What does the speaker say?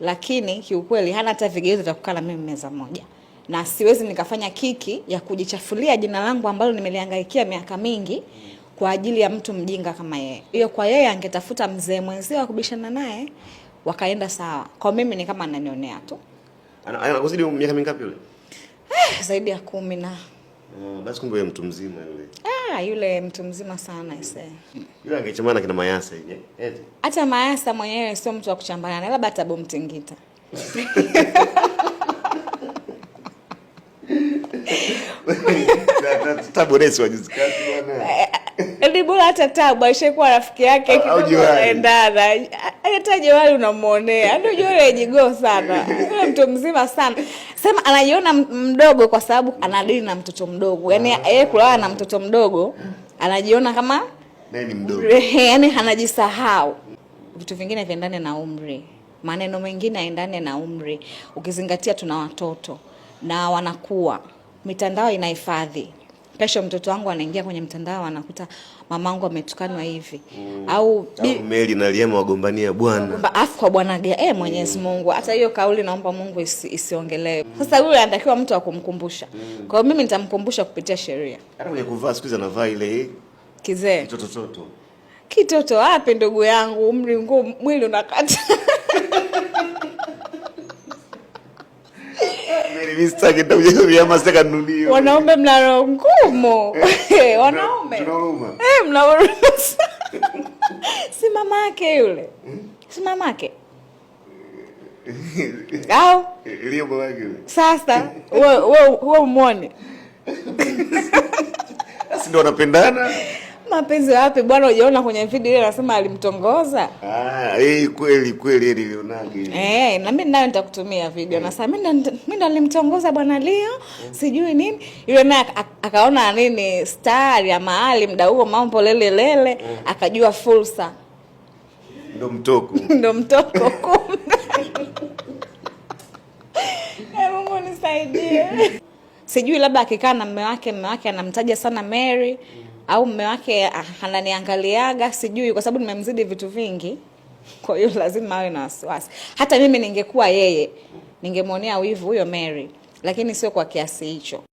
lakini kiukweli hana hata vigezo vya kukaa na mimi meza moja, na siwezi nikafanya kiki ya kujichafulia jina langu ambalo nimelihangaikia miaka mingi kwa ajili ya mtu mjinga kama yeye. Hiyo kwa yeye angetafuta mzee mwenzio wa kubishana naye wakaenda sawa. Kwa mimi ni kama ananionea tu. Anakuzidi miaka mingapi yule? Eh, zaidi ya kumi na. Oh, basi kumbe mtu mzima yule. Eh, Ah, yule mtu mzima sana ese. Yule angechambana kina Mayasa hivi. Eh? Hata Mayasa mwenyewe sio mtu wa kuchambana na labda atabomtingita. Tabu wa juzi kati bwana. Eh, eh, ni bora hata Tabu aishakuwa rafiki yake ah, endana. Hata Johari unamuonea. Ndio Johari yaani ajigoo sana. Yule mtu mzima sana sema anajiona mdogo kwa sababu anadili na mtoto mdogo, yaani ah. yeye kulala na mtoto mdogo anajiona kama ni mdogo, yaani anajisahau. Vitu vingine viendane na umri, maneno mengine aendane na umri, ukizingatia tuna watoto na wanakuwa, mitandao inahifadhi kesho mtoto wangu anaingia kwenye mtandao anakuta mamangu ametukanwa hivi mm. au Meli na Rehema wagombania bwana afu kwa bwana gea eh, Mwenyezi mm. Mungu. Hata hiyo kauli naomba Mungu isi, isiongelewe mm. Sasa yule anatakiwa mtu akumkumbusha mm. Kwa hiyo mimi nitamkumbusha kupitia sheria. Hata mwenye kuvaa siku hizi anavaa ile kizee kitoto toto kitoto, wapi ndugu yangu, umri mwili unakata Wanaume mna roho ngumu, eh, eh, wanaume eh, Si mama yake yule, hmm? si mama yake au sasa? Wewe umwone, ndio wanapendana mapenzi wapi bwana, ujaona kwenye video ile anasema alimtongoza. Ah, eh, kweli kweli eh, nilionaje. Eh, na mimi nayo nitakutumia video. Eh. Na sasa mimi ndo nilimtongoza bwana Leo, eh. sijui nini. Yule naye akaona nini star ya mahali mda huo mambo lele lele, akajua fursa. Ndo mtoko. Ndo mtoko kumbe. Mungu nisaidie. Sijui labda akikaa na mume wake, mume wake anamtaja sana Mary. Mm au mme wake ah, ananiangaliaga sijui, kwa sababu nimemzidi vitu vingi, kwa hiyo lazima awe na wasiwasi. Hata mimi ningekuwa yeye ningemwonea wivu huyo Mary, lakini sio kwa kiasi hicho.